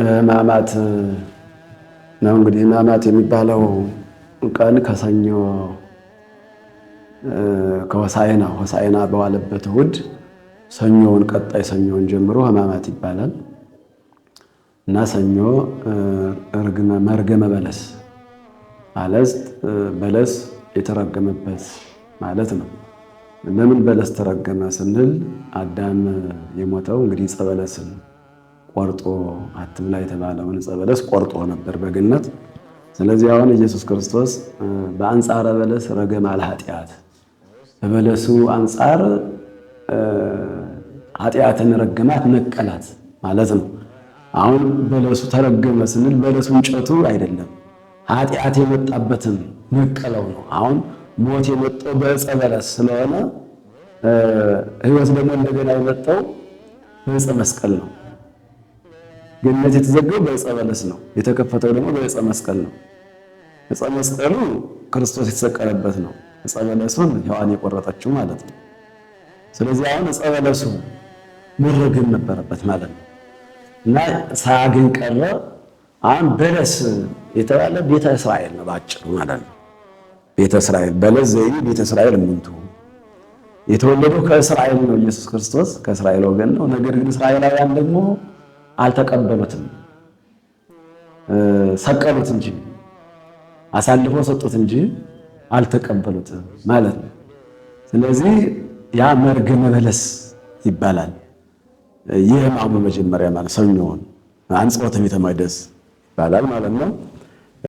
ህማማት ነው። እንግዲህ ህማማት የሚባለው ቀን ከሰኞ ከሆሳዕና ሆሳዕና በዋለበት እሁድ ሰኞውን ቀጣይ ሰኞውን ጀምሮ ህማማት ይባላል እና ሰኞ መርገመ በለስ ማለት በለስ የተረገመበት ማለት ነው። ለምን በለስ ተረገመ ስንል አዳም የሞተው እንግዲህ ዕፀ በለስን ቆርጦ አትብላ የተባለውን ዕፀ በለስ ቆርጦ ነበር በገነት። ስለዚህ አሁን ኢየሱስ ክርስቶስ በአንጻረ በለስ ረገማል አልኃጢአት በበለሱ አንጻር ኃጢአትን ረገማት ነቀላት ማለት ነው። አሁን በለሱ ተረገመ ስንል በለሱ እንጨቱ አይደለም ኃጢአት የመጣበትን ነቀለው ነው። አሁን ሞት የመጣው በዕፀ በለስ ስለሆነ ሕይወት ደግሞ እንደገና የመጣው በዕፀ መስቀል ነው። ገነት የተዘጋው በዕፀ በለስ ነው፣ የተከፈተው ደግሞ በዕፀ መስቀል ነው። ዕፀ መስቀሉ ክርስቶስ የተሰቀለበት ነው። ዕፀ በለሱን ሔዋን የቆረጠችው ማለት ነው። ስለዚህ አሁን ዕፀ በለሱ መረገም ነበረበት ማለት ነው እና ሳያገኝ ቀረ። አሁን በለስ የተባለ ቤተ እስራኤል ነው ባጭሩ ማለት ነው። ቤተ እስራኤል በለስ ዘይ ቤተ እስራኤል ምንቱ የተወለደው ከእስራኤል ነው። ኢየሱስ ክርስቶስ ከእስራኤል ወገን ነው። ነገር ግን እስራኤላውያን ደግሞ አልተቀበሉትም፣ ሰቀሉት እንጂ አሳልፈው ሰጡት እንጂ አልተቀበሉትም ማለት ነው። ስለዚህ ያ መርገመ በለስ ይባላል። ይህ ማሙ መጀመሪያ ማለት ሰኞውን አንጽሖተ ቤተ መቅደስ ይባላል ማለት ነው።